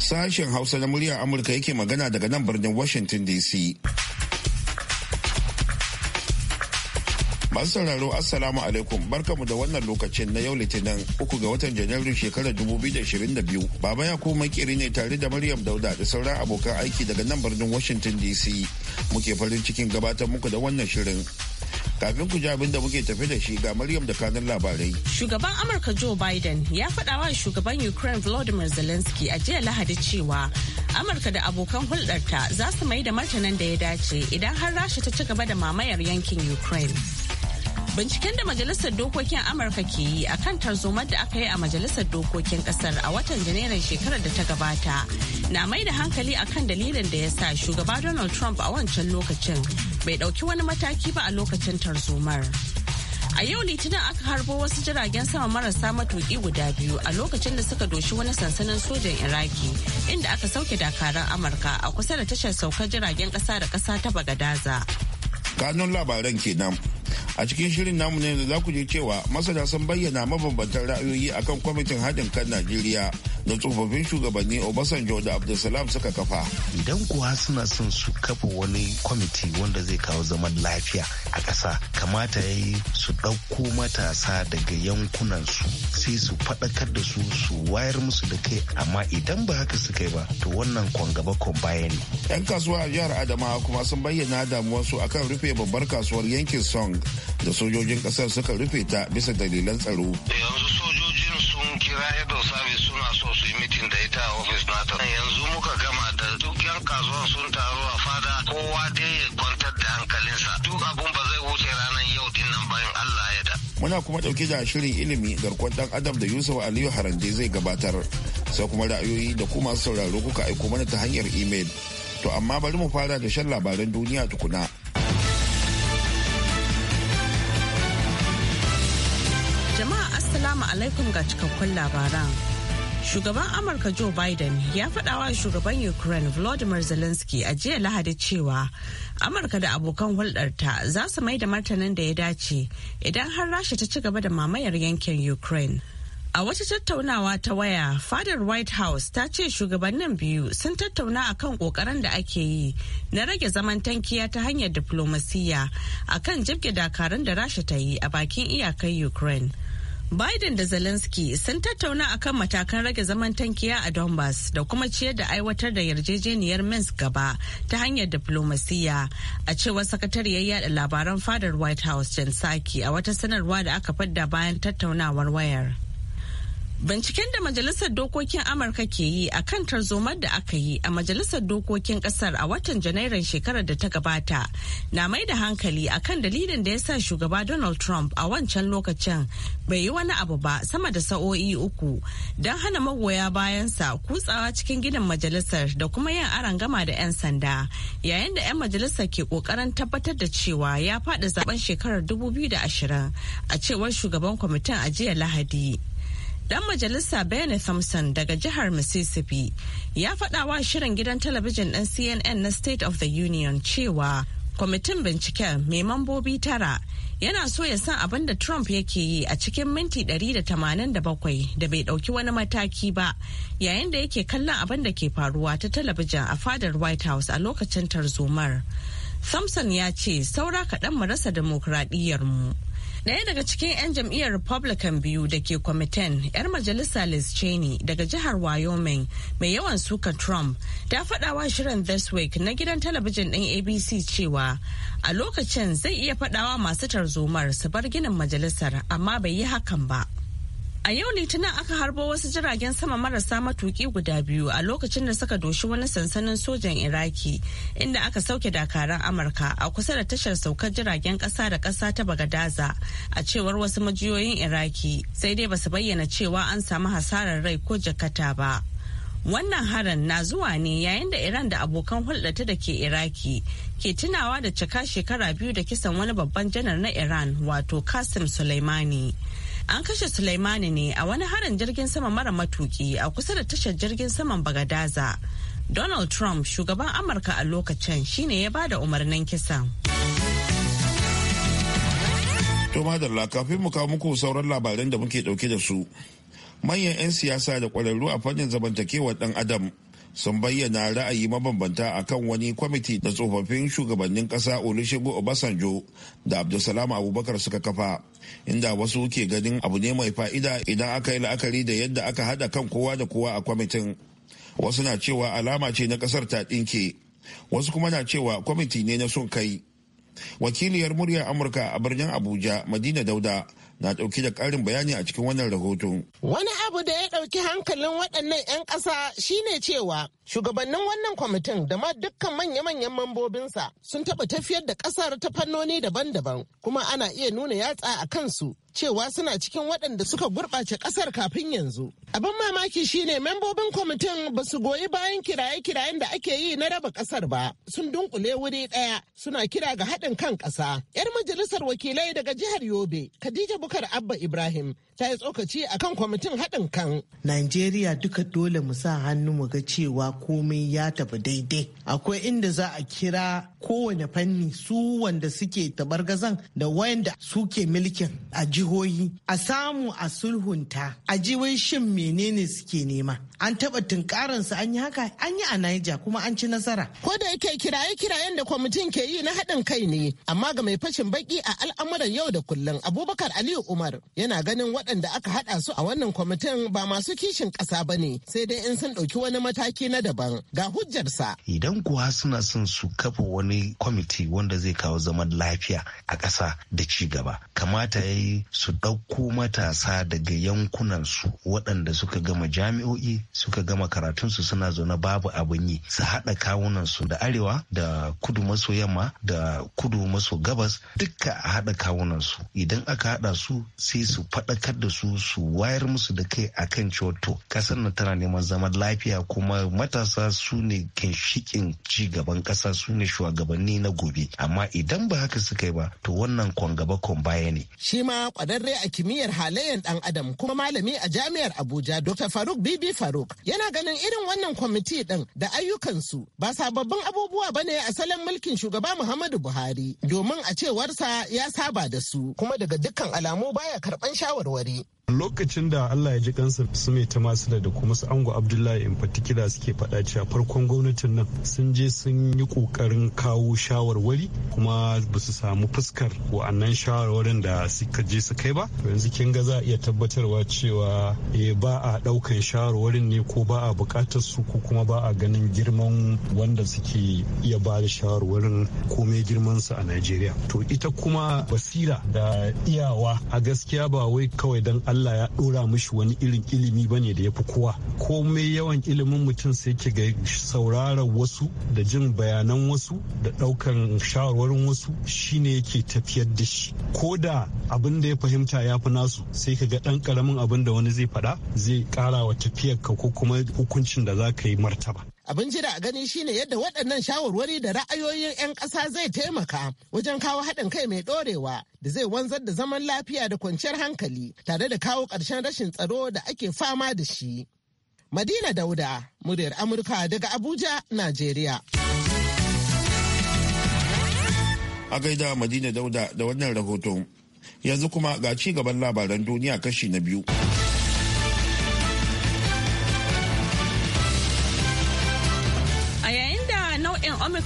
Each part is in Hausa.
Sashen Hausa na muryar Amurka yake magana daga nan birnin Washington DC. Masu sauraro Assalamu alaikum barkamu da wannan lokacin na yau litinin uku ga watan Janairu shekarar 2022. Baba ya koma kiri ne tare da Maryam Dauda da sauran abokan aiki daga nan birnin Washington DC. Muke farin cikin gabatar muku da wannan shirin. kafin ku ji abin da muke tafi da shi ga Maryam da kanin labarai. Shugaban Amurka Joe Biden ya faɗa wa shugaban Ukraine Volodymyr Zelensky a jiya Lahadi cewa Amurka da abokan hulɗarta za su mai da martanin da ya dace idan har Rasha ta ci gaba da mamayar yankin Ukraine. Binciken da Majalisar Dokokin Amurka ke yi a kan tarzomar da aka yi a Majalisar Dokokin Kasar a watan Janairun shekarar da ta gabata na mai da hankali a kan dalilin da ya sa shugaba Donald Trump a wancan lokacin bai ɗauki wani mataki ba a lokacin tarzomar. A yau litinin aka harbo wasu jiragen sama marasa matuƙi guda biyu a lokacin da suka doshi wani sansanin sojan Iraki inda aka sauke dakaran Amurka a kusa da tashar saukar jiragen ƙasa da ƙasa ta Bagadaza. Kanun labaran kenan. A cikin shirin namu ne da za ku je cewa masana sun bayyana mabambantan ra'ayoyi akan kwamitin haɗin kan Najeriya da tsofaffin shugabanni obasanjo da abdulsalam suka kafa idan kuwa suna son su kafa wani kwamiti wanda zai kawo zaman lafiya a ƙasa kamata ya yi su ɗauko matasa daga yankunan su sai su faɗakar da su su wayar musu da kai amma idan ba haka su kai ba to wannan kwangaba kon baya ne yan kasuwa a jihar adamawa kuma sun bayyana damuwarsu akan rufe babbar kasuwar yankin song da sojojin ƙasar suka rufe ta bisa dalilan tsaro yanzu sojoji head service suna so su yi mitin da ita a ofis nata yanzu muka gama da duk yan kasuwan sun taru a fada kowa dai ya kwantar da hankalinsa duk abun ba zai wuce ranar yau din nan bayan Allah ya da muna kuma dauke da shirin ilimi garkon dan adam da Yusuf Aliyu Harande zai gabatar sai kuma ra'ayoyi da kuma sauraro kuka aiko mana ta hanyar email to amma bari mu fara da shan labaran duniya tukuna alaikum ga cikakkun labaran. Shugaban Amurka Joe Biden ya faɗa wa shugaban Ukraine Volodymyr Zelensky a jiya Lahadi cewa Amurka da abokan hulɗarta za su mai da martanin da ya dace idan har Rasha ta ci gaba da mamayar yankin Ukraine. A wata tattaunawa ta waya, fadar White House ta ce shugabannin biyu sun tattauna a kan kokarin da ake yi na rage zaman tankiya ta hanyar diplomasiya a kan jibge dakarun da rasha ta yi a bakin iyakar Ukraine. Biden da Zelensky sun tattauna a kan matakan rage zaman tankiya a Donbass da kuma ciyar da aiwatar da yarjejeniyar Minsk gaba ta hanyar diplomasiyya a cewar sakatariyar yada labaran fadar White House Jan Psaki a wata sanarwa da aka fadda bayan tattaunawar wayar. Binciken da Majalisar Dokokin Amurka ke yi a kan tarzomar da aka yi a Majalisar Dokokin Kasar a watan Janairun shekarar da ta gabata na mai da hankali a kan dalilin da ya sa shugaba Donald Trump a wancan lokacin bai yi wani abu ba sama da sa'o'i uku don hana magoya bayansa kutsawa cikin ginin majalisar da kuma yin gama da 'yan sanda yayin da 'yan majalisar ke kokarin tabbatar da cewa ya faɗi zaben shekarar 2020 a cewar shugaban kwamitin a jiya Lahadi. Dan majalisa Benny Thompson daga jihar Mississippi ya faɗa wa shirin gidan talabijin ɗin CNN na State of the Union cewa kwamitin binciken mai mambobi tara yana so ya san abin da Trump yake yi a cikin minti 187 da bai ɗauki wani mataki ba yayin da yake kallon abin da ke faruwa ta talabijin a fadar White House a lokacin tarzomar. Thompson ya ce saura kaɗan mu rasa dimokuraɗiyyarmu. mu. Ɗaya daga cikin 'yan jam'iyyar Republican biyu da ke kwamitin 'yar majalisa Liz Cheney daga jihar Wyoming mai yawan suka Trump ta faɗawa shirin This Week na gidan talabijin ɗin ABC cewa a lokacin zai iya faɗawa masu tarzomar su bar ginin majalisar amma bai yi hakan ba. A yau Litinin aka harbo wasu jiragen sama marasa matuki guda biyu a lokacin da suka doshi wani sansanin sojan Iraki inda aka sauke dakaran Amurka a kusa da tashar saukar jiragen ƙasa da ƙasa ta Bagadaza a cewar wasu majiyoyin Iraki sai dai basu bayyana cewa an samu hasarar rai ko jakata ba. Wannan harin na zuwa ne yayin da Iran da abokan hulɗata da ke Iraki ke tunawa da cika shekara biyu da kisan wani babban janar na Iran wato Qasim suleimani An kashe suleimani ne a wani harin jirgin sama mara matuki a kusa da tashar jirgin saman Bagadaza. Donald Trump, shugaban Amurka a lokacin, shine ya bada umarnin kisan. To madalla kafin mu kawo muku sauran labaran da muke dauke da su. manyan 'yan siyasa da kwararru a fannin zamantakewar ɗan adam sun bayyana ra'ayi mabambanta a kan wani kwamiti da tsofaffin shugabannin ƙasa olusegun obasanjo da abdulsalam abubakar suka kafa inda wasu ke ganin abu ne mai fa'ida idan aka yi la'akari da yadda aka haɗa kan kowa da kowa a kwamitin wasu na cewa alama ce na ƙasar ta ɗinke wasu kuma na cewa kwamiti ne na son kai wakiliyar Murya amurka a birnin abuja madina dauda na ɗauki da ƙarin bayani a cikin wannan rahoto. Wani abu da ya ɗauki hankalin waɗannan 'yan ƙasa shine cewa shugabannin wannan kwamitin da ma dukkan manya-manyan mambobinsa sun taɓa tafiyar da ƙasar ta fannoni daban-daban kuma ana iya nuna yatsa a kansu cewa suna cikin waɗanda suka gurɓace ƙasar kafin yanzu. Abin mamaki shine membobin kwamitin ba su goyi bayan kiraye-kirayen da ake yi na raba ƙasar ba. Sun dunkule wuri ɗaya suna kira ga haɗin kan ƙasa. 'Yar majalisar wakilai daga jihar Yobe, Khadija Bukar Abba Ibrahim, ta yi tsokaci a kan kwamitin haɗin kan. Najeriya duka dole mu sa hannu mu ga cewa komai ya tafi daidai. Akwai inda za a kira kowane fanni su wanda suke taɓar-gazan, da wayanda suke milkin a jihohi. A samu a sulhunta a jiwai shin menene suke nema. An taɓa su an yi haka an yi a Niger kuma an ci nasara. Ko da yake kiraye-kirayen da kwamitin ke yi na haɗin kai ne amma ga mai fashin baki a al'amuran yau da kullum Abubakar Aliyu Umar yana ganin waɗanda aka haɗa su a wannan kwamitin ba masu kishin ƙasa ba ne sai dai in sun ɗauki wani mataki na daban ga hujjarsa. Idan kuwa suna son su kafa wani kwamiti wanda zai kawo zaman lafiya a ƙasa da ci gaba kamata ya yi su ɗauko matasa daga yankunan su waɗanda suka gama jami'o'i suka gama karatunsu suna zaune babu abin yi su haɗa kawunan su da arewa da kudu maso yamma da kudu maso gabas dukka a haɗa kawunan su idan aka haɗa su sai su faɗakar faɗakar da su su wayar musu da kai a kan cewa kasar na tana neman zaman lafiya kuma matasa su ne ginshiƙin ci gaban kasa su ne shugabanni na gobe amma idan ba haka suka yi ba to wannan kwan gaba baya ne. Shi ma ƙwararre a kimiyyar halayen ɗan adam kuma malami a jami'ar Abuja Dr. Faruk Bibi Faruk yana ganin irin wannan kwamiti din da ayyukansu ba sababbin abubuwa ba ne a salon mulkin shugaba Muhammadu Buhari domin a cewarsa ya saba da su kuma daga dukkan alamu baya karban shawarwari. al'amari lokacin da allah ya ji kansa su mai ta masu da kuma su ango abdullahi in particular suke faɗa cewa farkon gwamnatin nan sun je sun yi ƙoƙarin kawo shawarwari kuma ba su samu fuskar wa'annan shawarwarin da suka je su kai ba yanzu kin ga za a iya tabbatarwa cewa eh, ba a ɗaukan shawarwarin ne ko ba a buƙatar su ko kuma ba a ganin girman wanda suke iya ba da shawarwarin komai girman su a najeriya to ita kuma basira da iyawa a gaskiya ba wai kawai dan allah Allah ya ɗora mishi wani irin ilimi bane da ya fi kowa komai yawan ilimin mutum sai ki ga sauraron wasu da jin bayanan wasu da ɗaukar shawarwarin wasu shine yake tafiyar da shi ko da abin da ya fahimta ya fi nasu sai ka ga ɗan karamin abin da wani zai faɗa zai ƙara wa tafiyar ka ko kuma hukuncin da za ka yi martaba Abin jira a gani shine yadda waɗannan shawarwari da ra'ayoyin 'yan ƙasa zai taimaka wajen kawo haɗin kai mai ɗorewa da zai wanzar da zaman lafiya da kwanciyar hankali tare da kawo ƙarshen rashin tsaro da ake fama da shi. Madina Dauda, muryar Amurka daga Abuja, Najeriya. A gaida Madina Dauda da wannan rahoton. Yanzu kuma ga ci gaban labaran duniya kashi na biyu.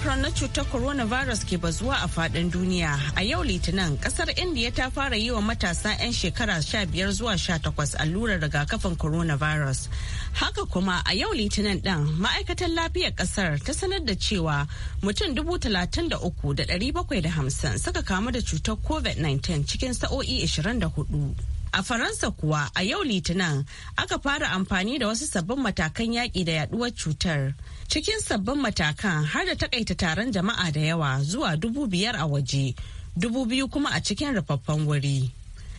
omicron na cutar coronavirus ke bazuwa a faɗin duniya a yau litinin ƙasar india ta fara yi wa matasa 'yan shekara 15 zuwa 18 allurar rigakafin coronavirus haka kuma a yau litinin ɗin ma'aikatar lafiyar ƙasar ta sanar da cewa mutum 33,750 suka kamu da cutar covid-19 cikin sa'o'i 24 A Faransa kuwa a yau Litinin aka fara amfani da wasu sabbin matakan yaƙi da yaduwar cutar. Cikin sabbin matakan har da takaita taron jama'a da yawa zuwa dubu biyar a waje, dubu biyu kuma a cikin rufaffen wuri.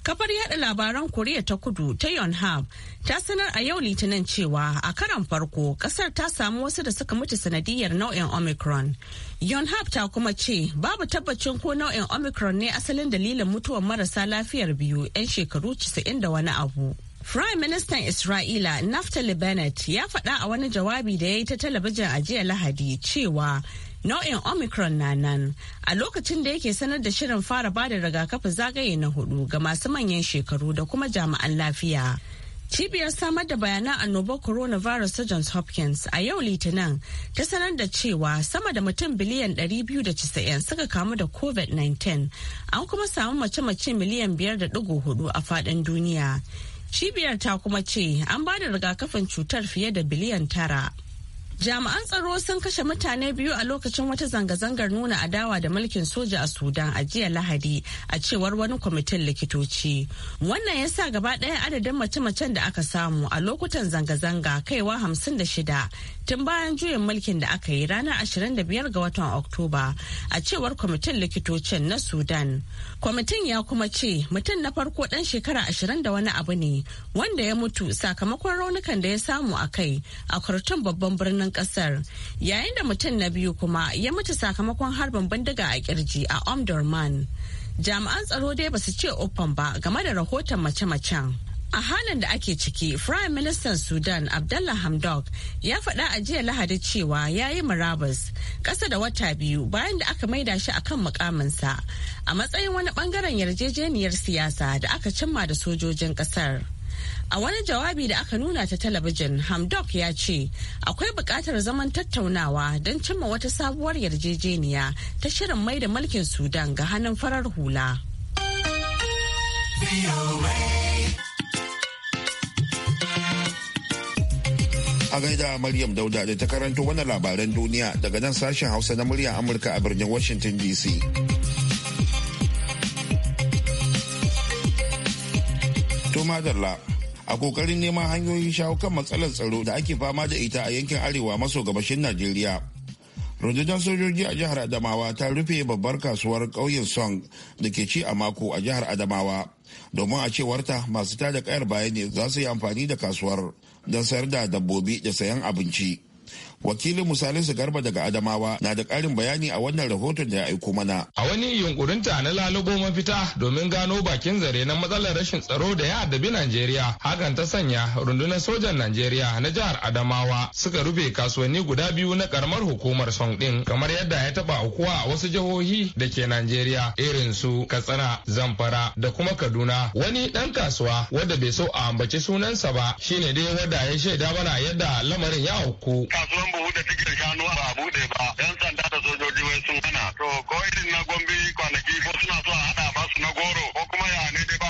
Kafar yada labaran Koriya ta kudu ta Yonhap ta sanar a yau litinin cewa a karan farko kasar ta samu wasu da suka mutu sanadiyar nau'in Omicron. Yonhap ta kuma ce babu tabbacin ko nau'in Omicron ne asalin dalilin mutuwar marasa lafiyar biyu 'yan shekaru 90 da wani abu. Prime Minister Isra'ila Naftali Bennett ya faɗa a wani jawabi da ya yi ta talabijin a jiya Lahadi cewa Nau'in Omicron na nan a lokacin da yake sanar da shirin fara bada rigakafi zagaye na hudu ga masu manyan shekaru da kuma jami'an lafiya. Cibiyar samar da bayanan annobar coronavirus ta Johns Hopkins a yau Litinin ta sanar da cewa sama da mutum biliyan 290 suka kamu da COVID-19 an kuma samu mace-mace miliyan 5.4 a fadin duniya. Cibiyar ta kuma ce an ba da rigakafin cutar fiye da biliyan tara. Jami'an tsaro sun kashe mutane biyu a lokacin wata zanga-zangar nuna adawa da mulkin soja a Sudan a jiya Lahadi a cewar wani kwamitin likitoci. Wannan ya sa gaba ɗaya adadin mace-macen da aka samu a lokutan zanga-zanga kaiwa hamsin da shida tun bayan juyin mulkin da aka yi ranar 25 ga watan Oktoba a cewar kwamitin likitocin na Sudan. Kwamitin ya kuma ce mutum na farko ɗan shekara ashirin da wani abu ne wanda ya mutu sakamakon raunukan da ya samu a kai a babban birnin birnin kasar yayin da mutum na biyu kuma ya mutu sakamakon harbin bindiga a kirji a omdurman jami'an tsaro dai basu ce uffan ba game da rahoton mace-macen a halin da ake ciki prime minister sudan abdullah hamdok ya faɗa a jiya lahadi cewa ya yi murabus ƙasa da wata biyu bayan da aka maida shi a akan mukaminsa a matsayin wani ɓangaren yarjejeniyar siyasa da aka cimma da sojojin ƙasar. A wani jawabi da aka nuna ta talabijin, Hamdok ya ce akwai buƙatar zaman tattaunawa don cimma wata sabuwar yarjejeniya ta shirin mai da mulkin Sudan ga hannun farar hula. A gaida Maryam Dauda da ta karanto wani labaran duniya daga nan sashen Hausa na murya Amurka a birnin Washington DC. To madalla. a kokarin neman hanyoyin shawo kan matsalar tsaro da ake fama da ita a yankin arewa maso gabashin najeriya rundunar sojoji a jihar adamawa ta rufe babbar kasuwar ƙauyen song da ke ci a mako a jihar adamawa domin a cewarta masu tada kayar baya ne za su yi amfani da kasuwar don sayar da dabbobi da sayan abinci wakilin misalisu garba daga adamawa na da karin bayani a wannan rahoton da ya aiko mana a wani yunkurinta na lalubo mafita domin gano bakin zare na matsalar rashin tsaro da ya addabi najeriya hakan ta sanya rundunar sojan najeriya na jihar adamawa suka rufe kasuwanni guda biyu na karamar hukumar song din kamar yadda ya taba aukuwa a wasu jihohi da ke najeriya irin su katsina zamfara da kuma kaduna wani dan kasuwa wadda bai so a ambaci sunansa ba shine dai wadda ya shaida mana yadda lamarin ya auku mun buɗe tikin shanu ba a buɗe ba yan sanda da sojoji wai sun hana to ko irin na gombe kwanaki ko suna so a hada ba su na goro ko kuma ya ne dai ba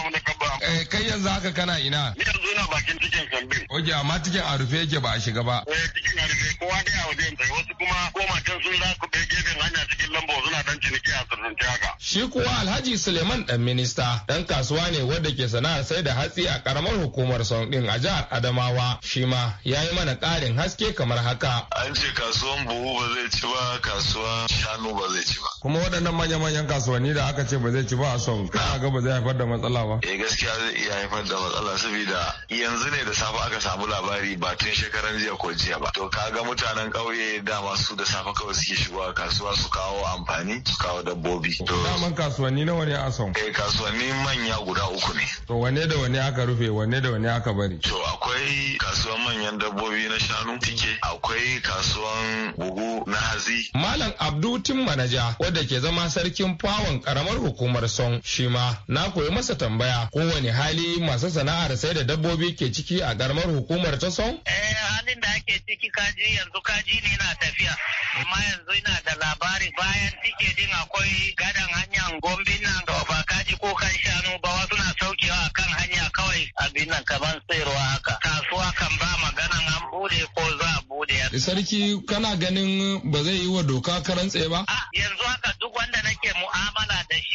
Eh, kai yanzu haka kana ina ni yanzu na bakin cikin kambin oje amma cikin a rufe yake ba a shiga ba eh cikin a rufe kowa dai a wajen tsaye wasu kuma ko matan sun za ku bai gefen hanya cikin lamba suna dan ciniki a sirrince haka shi kuwa alhaji suleiman dan minista dan kasuwa ne wanda ke sana'a sai da hatsi a karamar hukumar son din a jihar adamawa shi ma ya yi mana ƙarin haske kamar haka an ce kasuwan buhu ba zai ci ba kasuwan shanu ba zai ci ba kuma waɗannan manya-manyan kasuwanni da aka ce ba zai ci ba a son ka ga ba zai haifar da matsala ba eh gaskiya zai iya haifar da matsala saboda yanzu ne da safe aka samu labari ba tun shekaran jiya ko jiya ba to kaga mutanen ƙauye dama su da safe kawai suke shigowa kasuwa su kawo amfani su kawo dabbobi to daman kasuwanni nawa ne a son eh kasuwanni manya guda uku ne to wanne da wanne aka rufe wanne da wanne aka bari to akwai kasuwan manyan dabbobi na shanu tike akwai kasuwan bugu na hazi malam abdu Tin manaja wanda ke zama sarkin fawon karamar hukumar son Shima, na koyi masa tambaya kowane wani hali masu sana'ar sai da dabbobi ke ciki a garmar hukumar ta Eh halin da ake ciki kaji yanzu kaji ne na tafiya. Amma yanzu ina da labari bayan tiketin akwai gadan hanyar gombe nan da ba kaji ko kan shanu ba wasu na saukewa a kan hanya kawai abin nan kaban tsayarwa haka. Kasuwa kan ba maganan an bude ko za a bude. Sarki kana ganin ba zai yi wa doka karantse ba? Ah, yanzu haka duk wanda nake mu'amala da shi.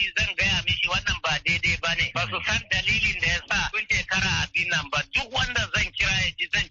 aiki wannan ba daidai ba ne ba su san dalilin da ya sa sun shekara abin nan ba duk wanda zan kira ya ji zan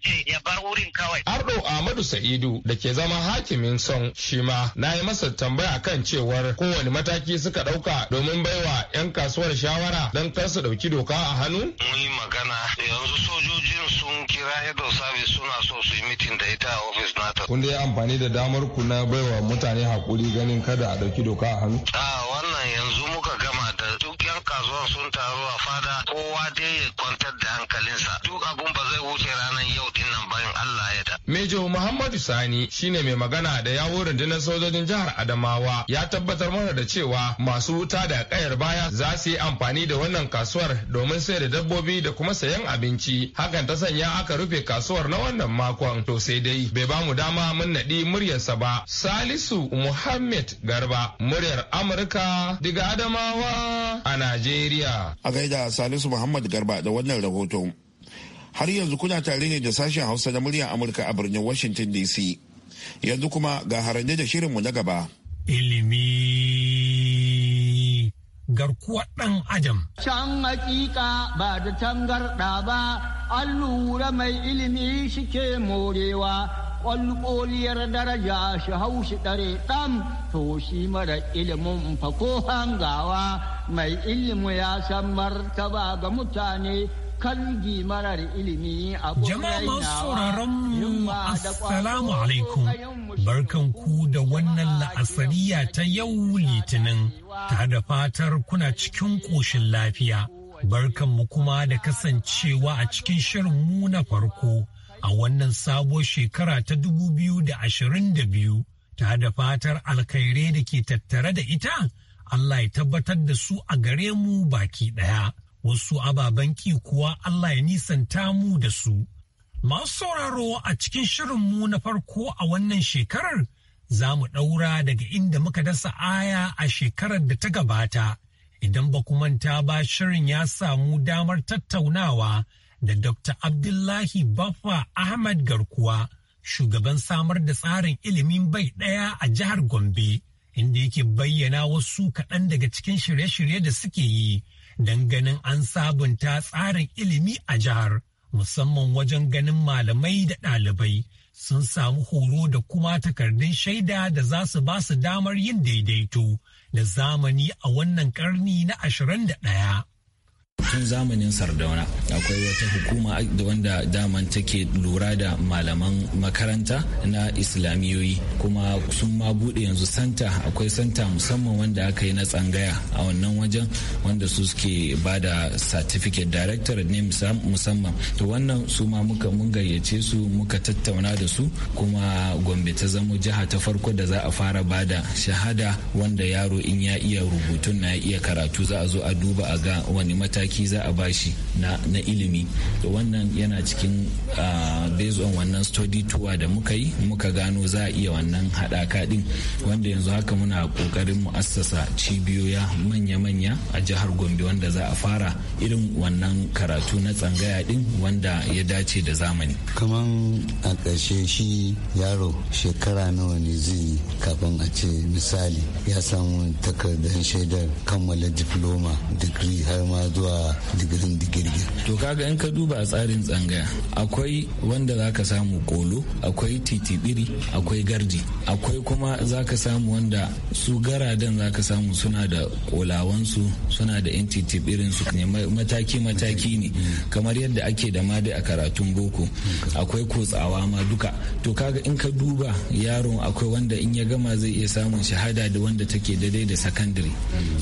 kawai. Ardo Ahmadu Sa'idu da ke zama hakimin son shi na yi masa tambaya kan cewar kowane mataki suka ɗauka domin baiwa 'yan kasuwar shawara don kar su ɗauki doka a hannu. Mun yi magana yanzu sojojin sun kira head of service suna so su yi mitin da ita a ofis nata. Kun amfani da damar ku na baiwa mutane hakuri ganin kada a ɗauki doka a hannu? A wannan yanzu muka gama da duk 'yan kasuwar sun taru a fada kowa dai ya kwantar da hankalinsa duk abun ba zai wuce ranar yau dinnan bayan Allah. Allah Mejo Muhammadu Sani shine mai magana da yawo rundunar sojojin jihar Adamawa ya tabbatar mana da cewa masu wuta da kayar baya za su yi amfani da wannan kasuwar domin sayar da dabbobi da kuma sayan abinci. Hakan ta sanya aka rufe kasuwar na wannan makon to sai dai bai ba mu dama mun naɗi muryarsa ba. Salisu Muhammad Garba muryar Amurka daga Adamawa a Najeriya. A gaida Salisu Muhammad Garba da wannan rahoton. har yanzu kuna tare ne da sashen hausa na muryar amurka a birnin washington dc yanzu kuma ga harande da shirinmu na gaba ilimi garkuwa ɗan adam can hakika ba da tangarɗa ba allura mai ilimi shike morewa kwalkoliyar daraja shi haushi ɗare ɗan to shi mara ilimin fako hangawa mai ilimi ya san martaba ga mutane kalgi ilimi Jama'a masu sauraron mu assalamu alaikum barkan ku da wannan la'asariya ta yau litinin ta da fatar kuna cikin ƙoshin lafiya. Barkan mu kuma da kasancewa a cikin shirin mu na farko a wannan sabuwar shekara ta dubu biyu da da biyu, ta da fatar alkhairai da ke tattare da ita Allah ya tabbatar da su a gare mu baki ɗaya. wasu ababen ki kuwa Allah ya nisanta mu da su. Masu sauraro a cikin shirinmu na farko a wannan shekarar za mu ɗaura daga inda muka dasa aya a shekarar da ta gabata. Idan ba ku manta ba shirin ya samu damar tattaunawa da Dr. Abdullahi Baffa Ahmad Garkuwa, shugaban samar da tsarin ilimin bai ɗaya a jihar Gombe, inda yake bayyana wasu kaɗan daga cikin shirye-shirye da suke yi. don ganin an sabunta tsarin ilimi a jihar musamman wajen ganin malamai da ɗalibai sun samu horo da kuma takardun shaida da za su ba su damar yin daidaito da zamani a wannan karni na ashirin da ɗaya. tun zamanin sardauna akwai wata hukuma wanda daman take lura da malaman makaranta na islamiyoyi kuma sun ma bude yanzu santa akwai santa musamman wanda aka yi na tsangaya a wannan wajen wanda su suke ba da certificate director ne musamman to wannan su ma muka mun gayyace su muka tattauna da su kuma gombe ta zama jiha ta farko da za a fara ba da shahada wanda yaro in ya iya rubutun na ya iya karatu za a zo a duba a ga wani mata mataki za a bashi na, na ilimi da wannan yana cikin uh, on wannan study tour da muka yi muka gano za a iya wannan haɗaka ɗin wanda yanzu haka muna ƙoƙarin mu'assasa cibiyoya manya-manya a jihar gombe wanda za a fara irin wannan karatu na tsangaya ɗin wanda ya dace da zamani kaman a ƙarshe shi yaro shekara nawa ne zai kafin a ce misali ya samu takardar shaidar kammala diploma digiri har ma zuwa zuwa digirin digirgir to kaga in ka duba a tsarin tsangaya akwai wanda za ka samu kolo akwai titibiri akwai garji akwai kuma za ka samu wanda su garadan za ka samu suna da kolawansu suna da yan titibirin su ne mataki-mataki ne kamar yadda ake da ma dai a karatun boko akwai kotsawa ma duka to kaga in ka duba yaron akwai wanda in ya gama zai iya samun shahada da wanda take daidai da sakandare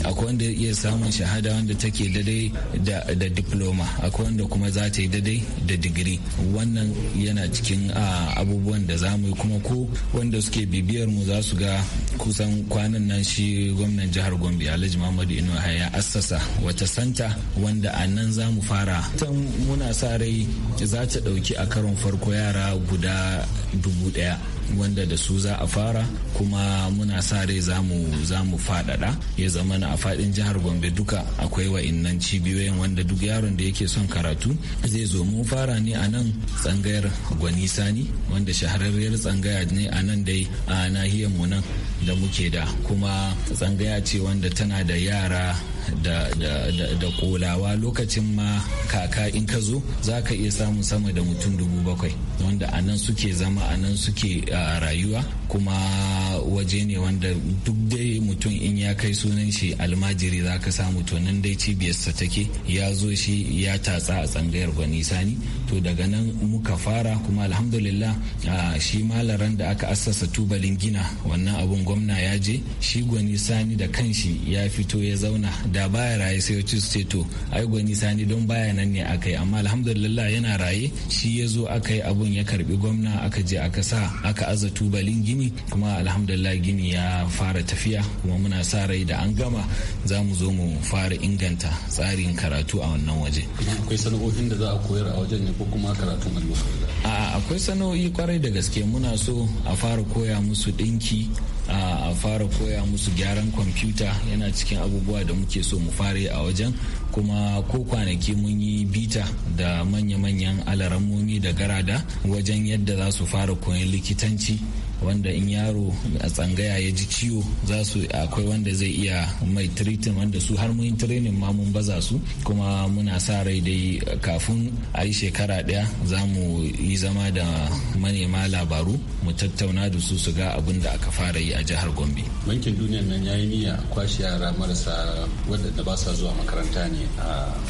akwai wanda ya iya samun shahada wanda take daidai da, da diploma akwai wanda kuma za ta yi daidai da digiri wannan yana cikin abubuwan da za mu yi kuma ko wanda suke bibiyar mu za su ga kusan kwanan nan shi gwamnan jihar gombe alhaji muhammadu inuwa ya assasa wata santa wanda a nan za mu fara tan muna sa rai za ta ɗauki a karon farko yara guda dubu ɗaya wanda da su za a fara kuma muna sa rai za mu faɗaɗa ya zama a fadin jihar gombe duka akwai wa innan cibiyoyin wanda duk yaron da yake son karatu zai zo mu fara ne a nan tsangayar gwani sani wanda shahararriyar tsangaya ne a nan dai a nahiyar mu nan da muke da kuma tsangaya ce wanda tana da yara da, da, da, da kolawa lokacin ma kaka in ka zo za ka iya samun sama da mutum dubu bakwai wanda a nan suke zama a nan suke rayuwa kuma waje ne wanda duk dai mutum in ya kai sunan shi almajiri za ka samu to nan dai cibiyarsa take ya zo shi ya tatsa a tsangayar gwani sani to daga nan muka fara kuma alhamdulillah shi malaran da aka assasa tubalin gina wannan abun gwamna ya je shi gwani sani da kanshi ya fito ya zauna da baya raye sai wacce su ce to ai gwani sani don baya nan ne aka yi amma alhamdulillah yana raye shi ya zo aka yi abun ya karbi gwamna aka je aka sa aka aza tubalin gini kuma alhamdulillah gini ya fara tafiya kuma muna sa rai da an gama za mu zo mu fara inganta tsarin karatu a wannan waje. akwai sana'o'in da za a koyar a wajen ne ko kuma karatun allo? a'a akwai sana'o'i kwarai da gaske muna so a fara koya musu ɗinki a fara koya musu gyaran kwamfuta yana cikin abubuwa da muke so mu fare a wajen kuma ko kwanaki mun yi bita da manya-manyan alaramomi da garada wajen yadda za su fara koyan likitanci wanda in yaro a tsangaya ya ji ciwo za su akwai wanda zai iya mai treatment wanda su har mun training ma mun baza su kuma muna sa rai dai kafin a yi shekara daya za mu yi zama da manema labaru mu tattauna da su su ga abin da aka fara yi a jihar gombe bankin duniya nan ya yi niyya kwashe yara marasa wadanda ba sa zuwa makaranta ne a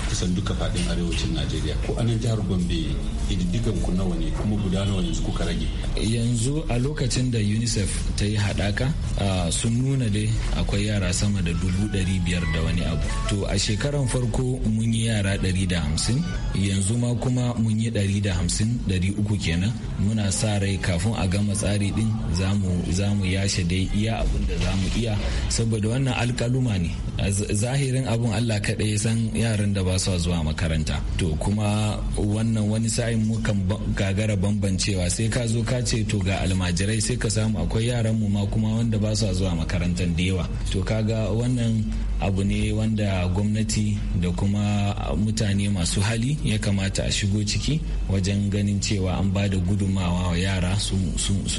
kusan duka fadin arewacin najeriya ko anan jihar gombe ididdigan ku nawa ne kuma guda nawa yanzu kuka rage yanzu a lokacin lokacin da unicef ta yi haɗaka sun nuna dai akwai yara sama da dubu ɗari biyar da wani abu to a shekaran farko mun yi yara ɗari da hamsin yanzu ma kuma mun yi ɗari da hamsin ɗari uku kenan muna sa rai kafin a gama tsari ɗin za mu yashe dai iya abin da za mu iya saboda wannan alkaluma ne zahirin abin allah kaɗai san yaran da ba su zuwa makaranta to kuma wannan wani sa'in mukan gagara bambancewa sai ka zo ka ce to ga almajirai sai ka samu akwai yaran mu ma kuma wanda ba sa zuwa makarantar da yawa to kaga wannan abu ne wanda gwamnati da kuma mutane masu hali ya kamata a shigo ciki wajen ganin cewa an ba da gudumawa wa yara sun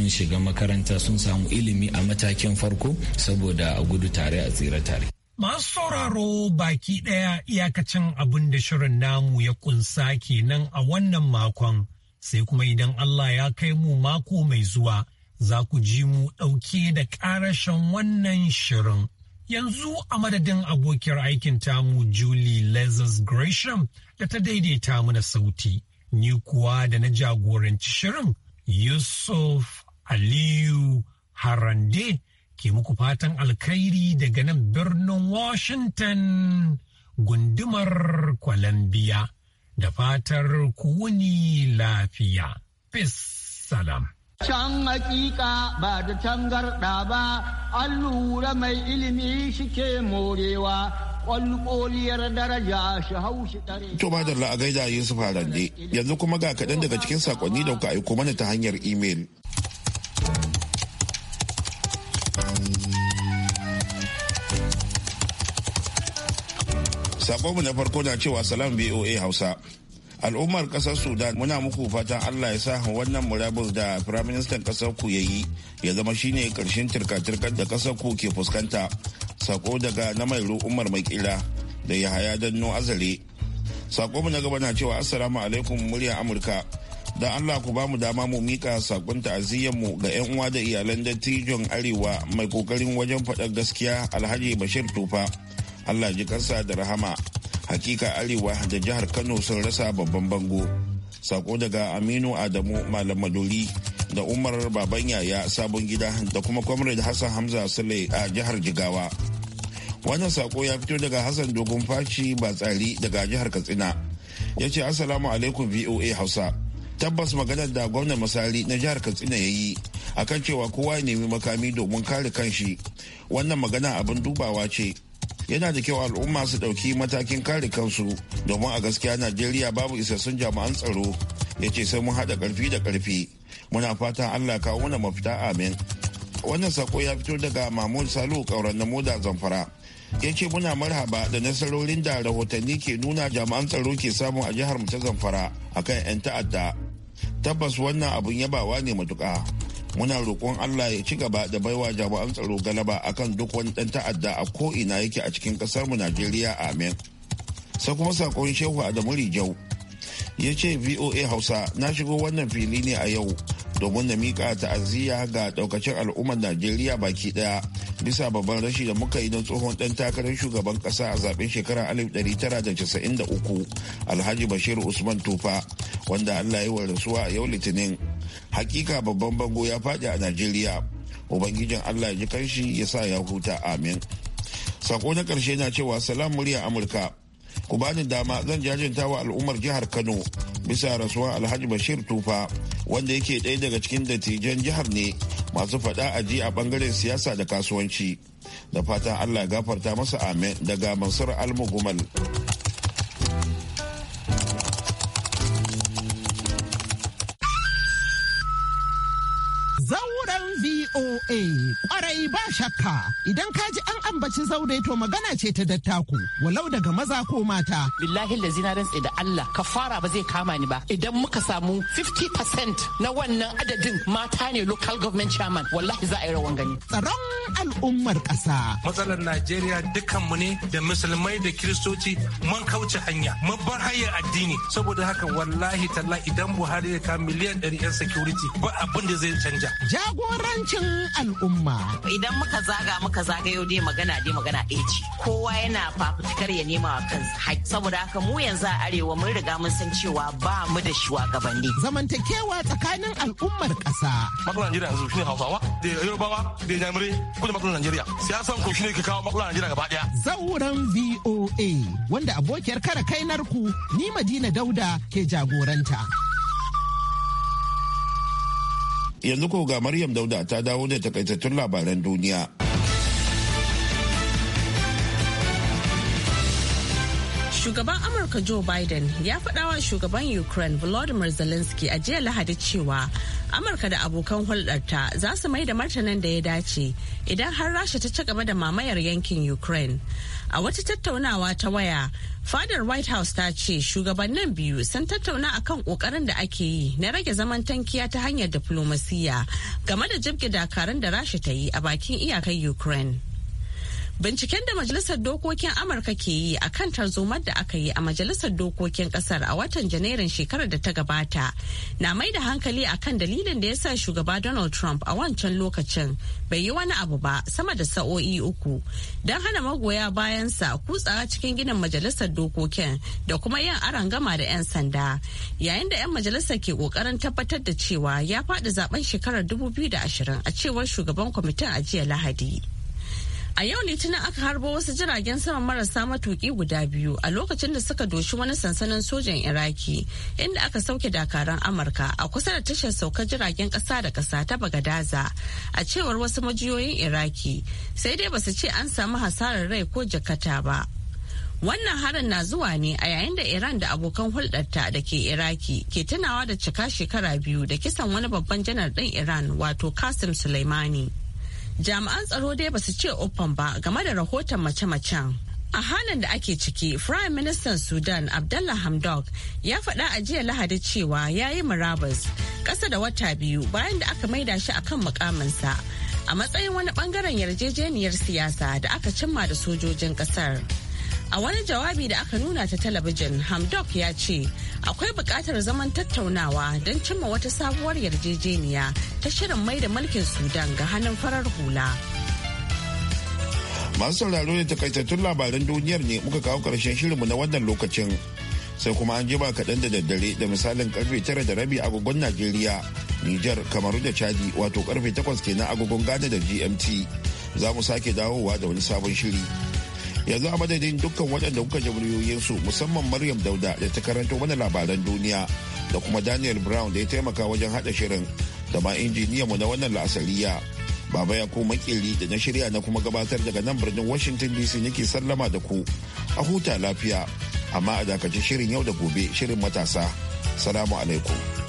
shiga makaranta sun samu ilimi a matakin farko saboda a gudu tare a tsira tare Masu sauraro baki ɗaya iyakacin abin da shirin namu ya kunsa kenan a wannan makon sai kuma idan Allah ya kai mu mako mai zuwa za ku ji mu ɗauke da ƙarashen wannan shirin. Yanzu a madadin abokiyar aikin tamu Julie Lazarus Gresham da ta daidaita mana sauti, ni kuwa da na jagoranci shirin Yusuf Aliyu Harande ke muku fatan alkhairi daga nan birnin Washington gundumar Columbia da fatar ku wuni lafiya. Peace salam. Can hakika ba da tangarɗa ba, an lura mai ilimi shike morewa. kwalkoliyar daraja shi haushi gaida Yusuf Harande yanzu kuma ga kaɗan daga cikin sakonni da kuka aiko mana ta hanyar imel. Sakonmu na farko na cewa salam BOA Hausa. al'ummar kasar sudan muna muku fatan allah ya sa wannan murabus da firaministan kasar ku yayi ya zama shine karshen tirka-tirkar da kasar ku ke fuskanta sako daga na mai umar mai kira da ya haya danno azare sako mu na gaba na cewa assalamu alaikum murya amurka da allah ku ba mu dama mu mika sakon ta'aziyyar mu ga yan uwa da iyalan dattijon arewa mai kokarin wajen faɗar gaskiya alhaji bashir tufa Allah ji karsa da rahama hakika arewa da jihar Kano sun rasa babban bango sako daga Aminu Adamu Malam Maduri da Umar Baban Yaya Sabon Gida da kuma Comrade Hassan Hamza Sule a jihar Jigawa wannan sako ya fito daga Hassan Dogon Faci ba tsari daga jihar Katsina ya ce assalamu alaikum VOA Hausa tabbas maganar da gwamnan misali na jihar katsina ya yi akan cewa kowa ya nemi makami domin kare kanshi wannan magana abin dubawa ce yana da kyau al'umma su ɗauki matakin kare kansu domin a gaskiya najeriya babu isassun jami'an tsaro ya ce sai mun haɗa ƙarfi da ƙarfi muna fatan allah kawo mana mafita amin wannan sako ya fito daga mahmud salu ƙauran na moda zamfara ya ce muna marhaba da nasarorin da rahotanni ke nuna jami'an tsaro ke samu a jihar mu ta zamfara akan 'yan ta'adda tabbas wannan abun yabawa ne matuƙa muna roƙon allah ya ci gaba da baiwa jami'an tsaro galaba akan duk wani ɗan ta'adda a ko'ina yake a cikin ƙasarmu najeriya amin sai kuma sakon shehu adamu rijau ya ce voa hausa na shigo wannan fili ne a yau domin da mika ta'aziyya ga daukacin al'ummar najeriya baki daya bisa babban rashi da muka yi don tsohon dan takarar shugaban kasa a zaben shekarar 1993 alhaji bashir usman tufa wanda allah ya wa rasuwa a yau litinin hakika babban bango ya faɗi a najeriya ubangijin allah ya ji kanshi ya sa ya huta amin sako na karshe na cewa salam murya amurka ku bani dama zan jajinta wa al'ummar jihar kano bisa rasuwa alhaji bashir tufa wanda yake ɗaya daga cikin dattijan jihar ne masu faɗa a ji a ɓangaren siyasa da kasuwanci da fatan allah gafarta masa amin daga mansur almugumal VOA. Kwarai ba shakka idan ka ji an ambaci zaure to magana ce ta dattaku walau daga maza ko mata. Billahi da zinarin da Allah ka fara ba zai kama ni ba idan muka samu 50% na wannan adadin mata ne local government chairman wallahi za a yi rawan gani. Tsaron al'ummar ƙasa. Matsalar Najeriya dukkanmu ne da musulmai da kiristoci mun kauce hanya mun bar hanyar addini saboda haka wallahi talla idan Buhari ya ka miliyan 100 yan security ba abin da zai canja. Jagorancin cikin al'umma. Idan muka zaga muka zaga yau dai magana dai magana ɗaya ce. Kowa yana fafutukar ya nema wa kansa haƙƙi. Saboda haka mu yanzu a arewa mun riga mun san cewa ba mu da shugabanni. Zamantakewa tsakanin al'ummar ƙasa. Makulan Najeriya yanzu shine Hausawa da Yorubawa da ko da makulan Najeriya. Siyasan ku shine ke kawo makulan Najeriya gaba ɗaya. Zauren VOA wanda abokiyar kare kainar ku ni Madina Dauda ke jagoranta. yanzu ko ga maryam dauda ta dawo da takaitattun labaran duniya Shugaban Amurka Joe Biden ya faɗawa shugaban Ukraine Volodymyr Zelensky a jiya Lahadi cewa Amurka da abokan hulɗarta za su mai da martanin da ya dace idan har Rasha ta ci gaba da mamayar yankin Ukraine. A wata tattaunawa ta waya, fadar White House ta ce shugabannin biyu sun tattauna akan kokarin da ake yi na rage zaman tankiya ta hanyar diflomasiyya game da jibge dakarun da rasha ta yi a bakin iyakar Ukraine. Binciken da Majalisar Dokokin Amurka ke yi a kan tarzomar da aka yi a Majalisar Dokokin Kasar a watan Janairun shekarar da ta gabata na mai da hankali a kan dalilin da ya sa shugaba Donald Trump a wancan lokacin bai yi wani abu ba sama da sa'o'i uku don hana magoya bayansa kutsawa cikin ginin Majalisar Dokokin da kuma yin gama da 'yan sanda yayin da 'yan majalisar ke kokarin tabbatar da cewa ya faɗi zaben shekarar 2020 a cewar shugaban kwamitin a jiya Lahadi. A yau Litinin aka harbo wasu jiragen sama marasa matuki guda biyu a lokacin da suka doshi wani sansanin sojan Iraki inda aka sauke dakaran Amurka a kusa da tashar saukar jiragen ƙasa da ƙasa ta Bagadaza a cewar wasu majiyoyin Iraki sai dai basu ce an samu hasarar rai ko jakata ba. Wannan harin na zuwa ne a yayin da Iran da abokan hulɗarta da ke Iraki ke tunawa da cika shekara biyu da kisan wani babban janar ɗin Iran wato kasim Soleimani. jami'an tsaro dai ba su ce uffan ba game da rahoton mace-macen a halin da ake ciki prime minister sudan abdullah hamdok ya faɗa a jiya lahadi cewa ya yi murabus ƙasa da wata biyu bayan da aka maida shi akan mukaminsa a matsayin wani ɓangaren yarjejeniyar siyasa da aka cimma da sojojin ƙasar. A wani jawabi da aka nuna ta talabijin, Hamdok ya ce akwai buƙatar zaman tattaunawa don cimma wata sabuwar yarjejeniya ta shirin mai da mulkin Sudan ga hannun farar hula. Masu sauraro da takaitattun labaran duniyar ne muka kawo ƙarshen shirinmu na wannan lokacin. Sai kuma an jima kaɗan da daddare da misalin karfe tara da rabi agogon Najeriya, Nijar, Kamaru da Chadi wato karfe takwas kenan agogon Ghana da GMT. Za mu sake dawowa da wani sabon shiri. yanzu a madadin dukkan waɗanda kuka ji su musamman maryam dauda da ta karanto mana labaran duniya da kuma daniel brown da ya taimaka wajen haɗa shirin da ma mu na wannan la'asariya baba ya ko makili da na shirya na kuma gabatar daga nan birnin washington dc nake sallama da ku a huta lafiya amma a dakaci shirin yau da gobe shirin matasa salamu alaikum